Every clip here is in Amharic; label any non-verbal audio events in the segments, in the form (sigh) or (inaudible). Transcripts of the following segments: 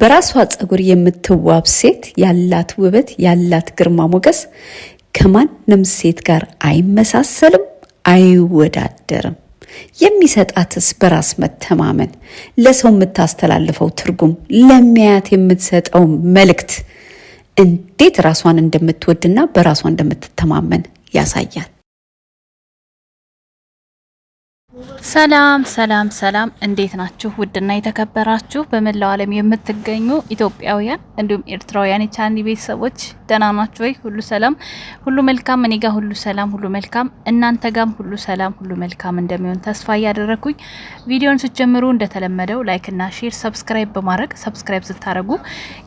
በራሷ ፀጉር የምትዋብ ሴት ያላት ውበት ያላት ግርማ ሞገስ ከማንም ሴት ጋር አይመሳሰልም፣ አይወዳደርም። የሚሰጣትስ በራስ መተማመን፣ ለሰው የምታስተላልፈው ትርጉም፣ ለሚያያት የምትሰጠው መልእክት እንዴት ራሷን እንደምትወድና በራሷ እንደምትተማመን ያሳያል። ሰላም ሰላም ሰላም፣ እንዴት ናችሁ? ውድና የተከበራችሁ በመላው ዓለም የምትገኙ ኢትዮጵያውያን እንዲሁም ኤርትራውያን የቻኒ ቤተሰቦች ደህና ናችሁ ወይ? ሁሉ ሰላም፣ ሁሉ መልካም። እኔ ጋር ሁሉ ሰላም፣ ሁሉ መልካም። እናንተ ጋም ሁሉ ሰላም፣ ሁሉ መልካም እንደሚሆን ተስፋ እያደረግኩኝ ቪዲዮን ስትጀምሩ እንደተለመደው ላይክና ሼር፣ ሰብስክራይብ በማድረግ ሰብስክራይብ ስታደረጉ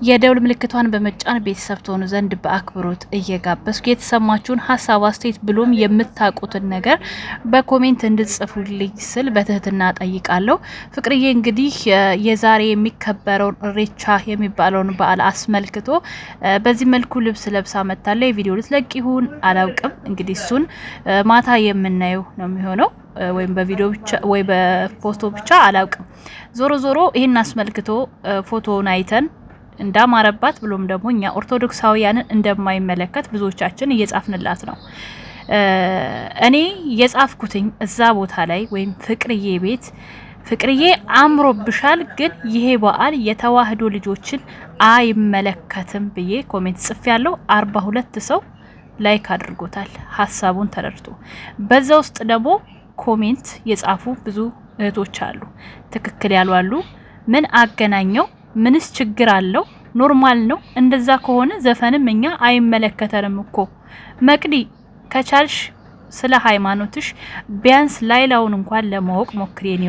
የደውል ምልክቷን በመጫን ቤተሰብ ትሆኑ ዘንድ በአክብሮት እየጋበስኩ የተሰማችሁን ሀሳብ አስተያየት፣ ብሎም የምታውቁትን ነገር በኮሜንት እንድጽፉ። አድርግልኝ ስል በትህትና ጠይቃለሁ። ፍቅርዬ እንግዲህ የዛሬ የሚከበረውን እሬቻ የሚባለውን በዓል አስመልክቶ በዚህ መልኩ ልብስ ለብሳ መታለ የቪዲዮ ልትለቅ ይሁን አላውቅም። እንግዲህ እሱን ማታ የምናየው ነው የሚሆነው ወይም በቪዲዮ ብቻ ወይ በፎቶ ብቻ አላውቅም። ዞሮ ዞሮ ይህን አስመልክቶ ፎቶውን አይተን እንዳማረባት ብሎም ደግሞ እኛ ኦርቶዶክሳውያንን እንደማይመለከት ብዙዎቻችን እየጻፍንላት ነው። እኔ የጻፍኩትኝ እዛ ቦታ ላይ ወይም ፍቅርዬ ቤት ፍቅርዬ አምሮብሻል፣ ግን ይሄ በዓል የተዋህዶ ልጆችን አይመለከትም ብዬ ኮሜንት ጽፍ ያለው አርባ ሁለት ሰው ላይክ አድርጎታል ሀሳቡን ተረድቶ። በዛ ውስጥ ደግሞ ኮሜንት የጻፉ ብዙ እህቶች አሉ። ትክክል ያሉ አሉ። ምን አገናኘው? ምንስ ችግር አለው? ኖርማል ነው። እንደዛ ከሆነ ዘፈንም እኛ አይመለከተንም እኮ መቅዲ ከቻልሽ ስለ ሃይማኖትሽ ቢያንስ ላይላውን እንኳን ለማወቅ ሞክሪ። የኔ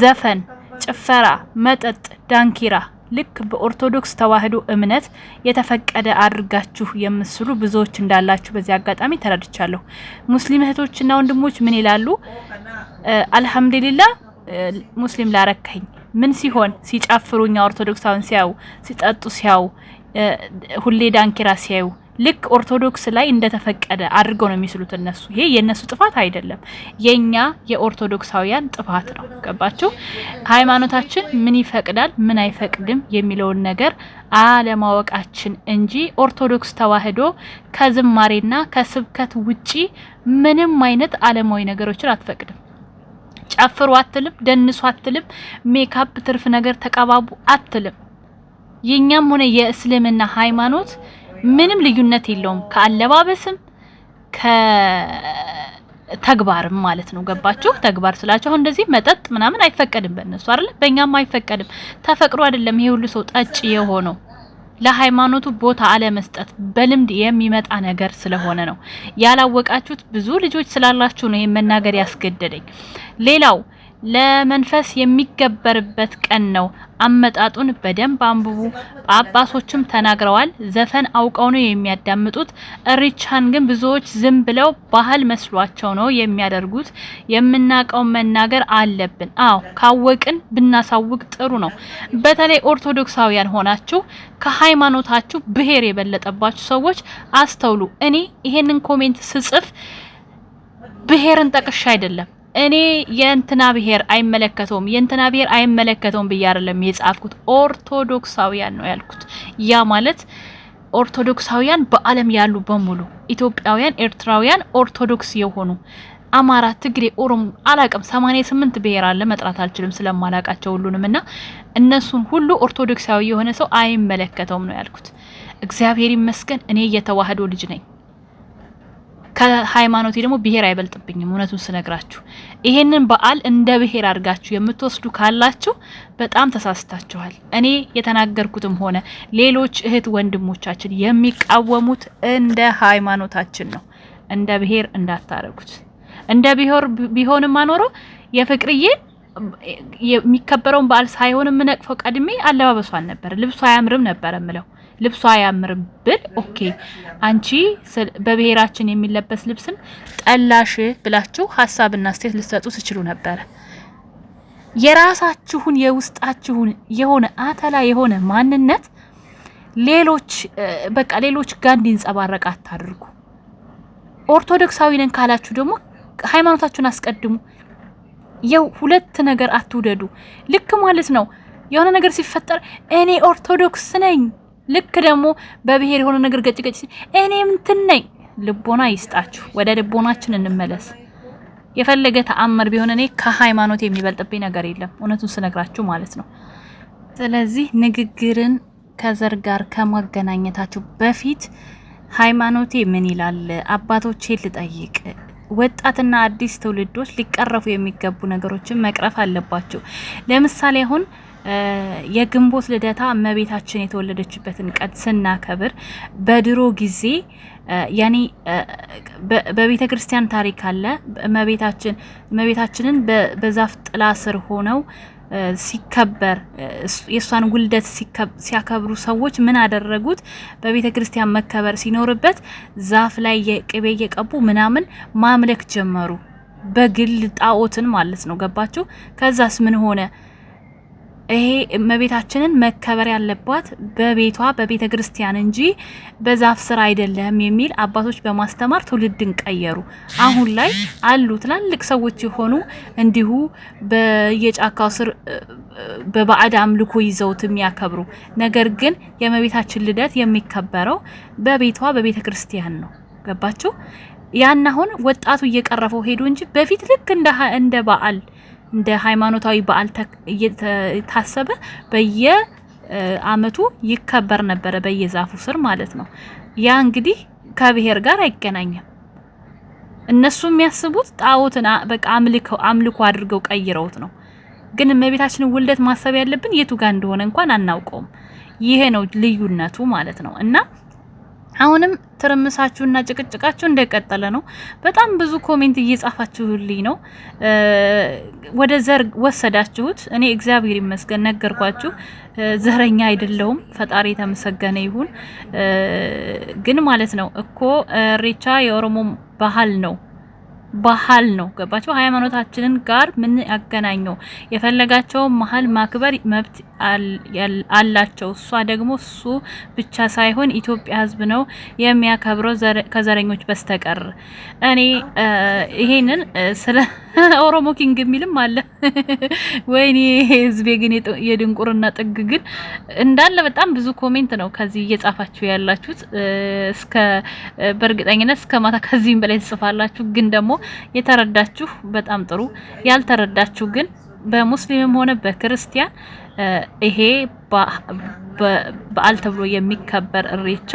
ዘፈን፣ ጭፈራ፣ መጠጥ፣ ዳንኪራ ልክ በኦርቶዶክስ ተዋህዶ እምነት የተፈቀደ አድርጋችሁ የምትስሉ ብዙዎች እንዳላችሁ በዚህ አጋጣሚ ተረድቻለሁ። ሙስሊም እህቶችና ወንድሞች ምን ይላሉ? አልሐምዱሊላ ሙስሊም ላረካኝ። ምን ሲሆን ሲጨፍሩ ኦርቶዶክሳውን ሲያዩ፣ ሲጠጡ ሲያዩ፣ ሁሌ ዳንኪራ ሲያዩ ልክ ኦርቶዶክስ ላይ እንደተፈቀደ አድርገው ነው የሚስሉት እነሱ። ይሄ የእነሱ ጥፋት አይደለም፣ የእኛ የኦርቶዶክሳውያን ጥፋት ነው። ገባችሁ? ሃይማኖታችን ምን ይፈቅዳል ምን አይፈቅድም የሚለውን ነገር አለማወቃችን እንጂ ኦርቶዶክስ ተዋህዶ ከዝማሬና ከስብከት ውጪ ምንም አይነት አለማዊ ነገሮችን አትፈቅድም። ጨፍሩ አትልም፣ ደንሱ አትልም፣ ሜካፕ ትርፍ ነገር ተቀባቡ አትልም። የእኛም ሆነ የእስልምና ሃይማኖት ምንም ልዩነት የለውም ከአለባበስም ተግባርም ማለት ነው። ገባችሁ? ተግባር ስላችሁ አሁን እንደዚህ መጠጥ ምናምን አይፈቀድም በእነሱ አይደለ? በእኛም አይፈቀድም። ተፈቅዶ አይደለም ይሄ ሁሉ ሰው ጠጭ የሆነው ለሃይማኖቱ ቦታ አለመስጠት በልምድ የሚመጣ ነገር ስለሆነ ነው። ያላወቃችሁት ብዙ ልጆች ስላላችሁ ነው ይሄን መናገር ያስገደደኝ። ሌላው ለመንፈስ የሚገበርበት ቀን ነው። አመጣጡን በደንብ አንብቡ። ጳጳሶችም ተናግረዋል። ዘፈን አውቀው ነው የሚያዳምጡት። እሪቻን ግን ብዙዎች ዝም ብለው ባህል መስሏቸው ነው የሚያደርጉት። የምናውቀው መናገር አለብን። አዎ ካወቅን ብናሳውቅ ጥሩ ነው። በተለይ ኦርቶዶክሳውያን ሆናችሁ ከሃይማኖታችሁ ብሔር የበለጠባችሁ ሰዎች አስተውሉ። እኔ ይሄንን ኮሜንት ስጽፍ ብሔርን ጠቅሻ አይደለም እኔ የእንትና ብሔር አይመለከተውም የእንትና ብሔር አይመለከተውም ብዬ አይደለም የጻፍኩት፣ ኦርቶዶክሳውያን ነው ያልኩት። ያ ማለት ኦርቶዶክሳውያን በዓለም ያሉ በሙሉ ኢትዮጵያውያን፣ ኤርትራውያን ኦርቶዶክስ የሆኑ አማራ፣ ትግሬ፣ ኦሮሞ አላቅም 88 ብሔር አለ መጥራት አልችልም ስለማላቃቸው ሁሉንም እና እነሱን ሁሉ ኦርቶዶክሳዊ የሆነ ሰው አይመለከተውም ነው ያልኩት። እግዚአብሔር ይመስገን እኔ የተዋህዶ ልጅ ነኝ። ከሃይማኖቴ ደግሞ ብሄር አይበልጥብኝም። እውነቱን ስነግራችሁ ይሄንን በዓል እንደ ብሄር አድርጋችሁ የምትወስዱ ካላችሁ በጣም ተሳስታችኋል። እኔ የተናገርኩትም ሆነ ሌሎች እህት ወንድሞቻችን የሚቃወሙት እንደ ሃይማኖታችን ነው። እንደ ብሄር እንዳታረጉት። እንደ ብሄር ቢሆንም አኖሮ የፍቅርዬ የሚከበረውን በዓል ሳይሆን የምነቅፈው ቀድሜ አለባበሷን ነበር። ልብሱ አያምርም ነበር ምለው ልብሱ አያምርም ብል ኦኬ፣ አንቺ በብሔራችን የሚለበስ ልብስን ጠላሽ ብላችሁ ሀሳብና ስቴት ልትሰጡ ትችሉ ነበረ። የራሳችሁን የውስጣችሁን የሆነ አተላ የሆነ ማንነት ሌሎች በቃ ሌሎች ጋር እንዲንጸባረቅ አታድርጉ። ኦርቶዶክሳዊ ነን ካላችሁ ደግሞ ሃይማኖታችሁን አስቀድሙ። የው ሁለት ነገር አትውደዱ። ልክ ማለት ነው የሆነ ነገር ሲፈጠር እኔ ኦርቶዶክስ ነኝ ልክ ደግሞ በብሔር የሆነ ነገር ገጭ እኔ እንትን ነኝ። ልቦና ይስጣችሁ። ወደ ልቦናችን እንመለስ። የፈለገ ተአምር ቢሆን እኔ ከሃይማኖት የሚበልጥብኝ ነገር የለም፣ እውነቱን ስነግራችሁ ማለት ነው። ስለዚህ ንግግርን ከዘር ጋር ከማገናኘታችሁ በፊት ሃይማኖቴ ምን ይላል አባቶቼ ልጠይቅ። ወጣትና አዲስ ትውልዶች ሊቀረፉ የሚገቡ ነገሮችን መቅረፍ አለባቸው። ለምሳሌ አሁን የግንቦት ልደታ እመቤታችን የተወለደችበትን ቀን ስናከብር በድሮ ጊዜ ያኔ በቤተ ክርስቲያን ታሪክ አለ። እመቤታችንን በዛፍ ጥላ ስር ሆነው ሲከበር የእሷን ውልደት ሲያከብሩ ሰዎች ምን አደረጉት? በቤተ ክርስቲያን መከበር ሲኖርበት ዛፍ ላይ የቅቤ እየቀቡ ምናምን ማምለክ ጀመሩ። በግል ጣዖትን ማለት ነው። ገባችሁ? ከዛስ ምን ሆነ? ይሄ እመቤታችንን መከበር ያለባት በቤቷ በቤተ ክርስቲያን እንጂ በዛፍ ስር አይደለም የሚል አባቶች በማስተማር ትውልድን ቀየሩ። አሁን ላይ አሉ ትላልቅ ሰዎች የሆኑ እንዲሁ በየጫካው ስር በባዕድ አምልኮ ይዘውት የሚያከብሩ። ነገር ግን የእመቤታችን ልደት የሚከበረው በቤቷ በቤተ ክርስቲያን ነው። ገባችሁ? ያን አሁን ወጣቱ እየቀረፈው ሄዱ እንጂ በፊት ልክ እንደ በዓል እንደ ሃይማኖታዊ በዓል እየታሰበ በየአመቱ ይከበር ነበረ፣ በየዛፉ ስር ማለት ነው። ያ እንግዲህ ከብሔር ጋር አይገናኝም። እነሱ የሚያስቡት ጣዖትን በቃ አምልከው አምልኮ አድርገው ቀይረውት ነው። ግን እመቤታችንን ውልደት ማሰብ ያለብን የቱ ጋር እንደሆነ እንኳን አናውቀውም። ይሄ ነው ልዩነቱ ማለት ነው እና አሁንም ትርምሳችሁና ጭቅጭቃችሁ እንደቀጠለ ነው። በጣም ብዙ ኮሜንት እየጻፋችሁልኝ ነው። ወደ ዘር ወሰዳችሁት። እኔ እግዚአብሔር ይመስገን ነገርኳችሁ፣ ዘረኛ አይደለሁም። ፈጣሪ የተመሰገነ ይሁን። ግን ማለት ነው እኮ ኢሬቻ የኦሮሞ ባህል ነው ባህል ነው። ገባቸው ሃይማኖታችንን ጋር ምን ያገናኘው? የፈለጋቸውን መሀል ማክበር መብት አላቸው። እሷ ደግሞ እሱ ብቻ ሳይሆን ኢትዮጵያ ህዝብ ነው የሚያከብረው ከዘረኞች በስተቀር። እኔ ይሄንን ስለ (laughs) ኦሮሞ ኪንግ የሚልም አለ። (laughs) ወይኔ ሕዝቤ ግን የድንቁርና ጥግ ግን እንዳለ በጣም ብዙ ኮሜንት ነው ከዚህ እየጻፋችሁ ያላችሁት። እስከ በእርግጠኝነት እስከ ማታ ከዚህም በላይ ትጽፋላችሁ። ግን ደግሞ የተረዳችሁ በጣም ጥሩ፣ ያልተረዳችሁ ግን በሙስሊምም ሆነ በክርስቲያን ይሄ በዓል ተብሎ የሚከበር እሬቻ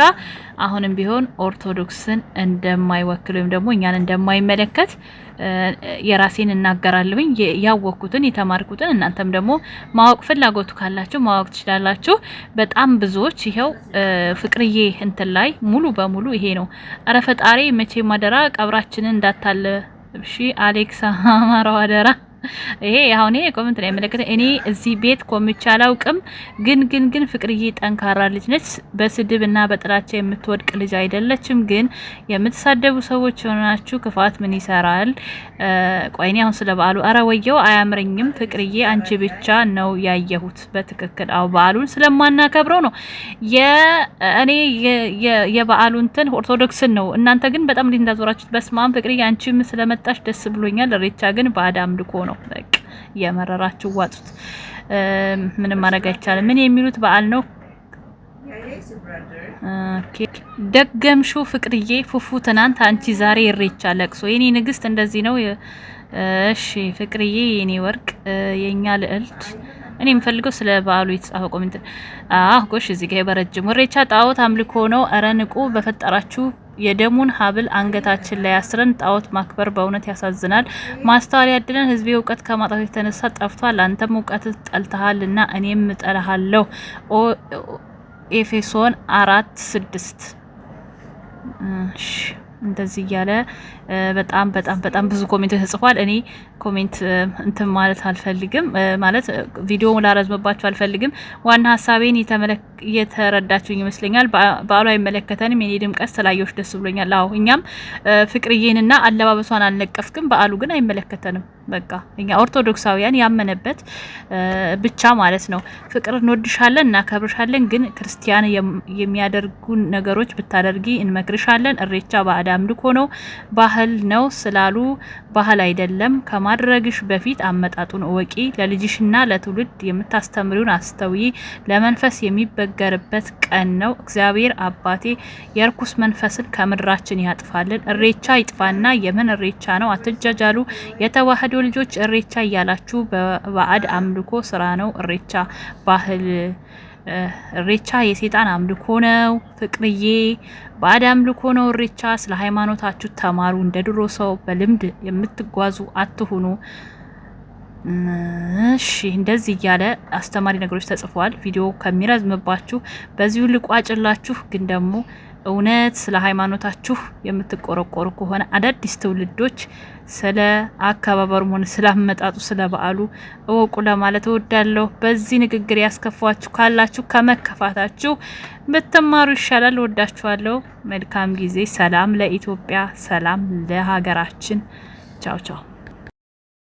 አሁንም ቢሆን ኦርቶዶክስን እንደማይወክል ወይም ደግሞ እኛን እንደማይመለከት የራሴን እናገራለሁኝ። ያወቅኩትን የተማርኩትን እናንተም ደግሞ ማወቅ ፍላጎቱ ካላችሁ ማወቅ ትችላላችሁ። በጣም ብዙዎች ይኸው ፍቅርዬ እንትን ላይ ሙሉ በሙሉ ይሄ ነው። እረ ፈጣሪ መቼ ማደራ ቀብራችንን እንዳታለ። እሺ አሌክስ አማራው አደራ ይሄ አሁን ይሄ ኮሜንት ላይ መለከተ እኔ እዚህ ቤት ኮምቻ አላውቅም። ግን ግን ግን ፍቅርዬ ጠንካራ ልጅ ነች። በስድብ እና በጥላቻ የምትወድቅ ልጅ አይደለችም። ግን የምትሳደቡ ሰዎች የሆናችሁ ክፋት ምን ይሰራል? ቆይኔ አሁን ስለ በዓሉ አረ ወየው አያምረኝም። ፍቅርዬ አንቺ ብቻ ነው ያየሁት። በትክክል አው በዓሉን ስለማናከብረው ነው የእኔ የበዓሉን እንትን ኦርቶዶክስን ነው። እናንተ ግን በጣም እንዴት እንዳዞራችሁት። በስማም ፍቅርዬ አንቺም ስለመጣሽ ደስ ብሎኛል። ሬቻ ግን ባዕድ አምልኮ ነው። ነው። በቃ እየመረራችሁ ዋጡት። ምንም ማድረግ አይቻልም። ምን የሚሉት በዓል ነው። ደገምሹ ፍቅርዬ ፉፉ ትናንት፣ አንቺ ዛሬ እሬቻ ለቅሶ። የኔ ንግስት እንደዚህ ነው። እሺ ፍቅርዬ፣ የኔ ወርቅ፣ የኛ ልዕልት እኔ የምፈልገው ስለ በዓሉ የተጻፈ ኮሜንት። አህ ጎሽ፣ እዚህ ጋር በረጅሙ እሬቻ ጣዖት አምልኮ ነው። እረ ንቁ በፈጠራችሁ የደሙን ሀብል አንገታችን ላይ አስረን ጣዖት ማክበር በእውነት ያሳዝናል። ማስተዋል ያድለን። ህዝቤ እውቀት ከማጣት የተነሳ ጠፍቷል። አንተም እውቀት ጠልተሃል እና እኔም እጠልሃለሁ። ኤፌሶን አራት ስድስት እንደዚህ እያለ በጣም በጣም በጣም ብዙ ኮሜንት ተጽፏል። እኔ ኮሜንት እንትን ማለት አልፈልግም፣ ማለት ቪዲዮ ላረዝምባችሁ አልፈልግም። ዋና ሀሳቤን የተረዳችሁኝ ይመስለኛል። በዓሉ አይመለከተንም። የኔ ድምቀት ስላየሁሽ ደስ ብሎኛል። አዎ እኛም ፍቅርዬንና አለባበሷን አልነቀፍክም። በዓሉ ግን አይመለከተንም። በቃ እኛ ኦርቶዶክሳውያን ያመነበት ብቻ ማለት ነው። ፍቅር እንወድሻለን፣ እናከብርሻለን። ግን ክርስቲያን የሚያደርጉን ነገሮች ብታደርጊ እንመክርሻለን። እሬቻ ባዕድ አምልኮ ነው። ባህር ባህል ነው ስላሉ ባህል አይደለም። ከማድረግሽ በፊት አመጣጡን እወቂ። ለልጅሽና ለትውልድ የምታስተምሪውን አስተውይ። ለመንፈስ የሚበገርበት ቀን ነው። እግዚአብሔር አባቴ የርኩስ መንፈስን ከምድራችን ያጥፋልን። እሬቻ ይጥፋና የምን እሬቻ ነው? አትጃጃሉ። የተዋህዶ ልጆች እሬቻ እያላችሁ በባዕድ አምልኮ ስራ ነው እሬቻ ባህል እሬቻ የሴጣን አምልኮ ነው። ፍቅርዬ ባዕድ አምልኮ ነው እሬቻ። ስለ ሃይማኖታችሁ ተማሩ። እንደ ድሮ ሰው በልምድ የምትጓዙ አትሁኑ። እሺ እንደዚህ እያለ አስተማሪ ነገሮች ተጽፏል። ቪዲዮ ከሚረዝምባችሁ በዚሁ ልቋጭላችሁ ግን ደግሞ እውነት ስለ ሃይማኖታችሁ የምትቆረቆሩ ከሆነ አዳዲስ ትውልዶች ስለ አከባበሩ ሆነ አመጣጡ ስለ በዓሉ እወቁ ለማለት እወዳለሁ። በዚህ ንግግር ያስከፋችሁ ካላችሁ ከመከፋታችሁ ብትማሩ ይሻላል። እወዳችኋለሁ። መልካም ጊዜ። ሰላም ለኢትዮጵያ፣ ሰላም ለሀገራችን። ቻው ቻው።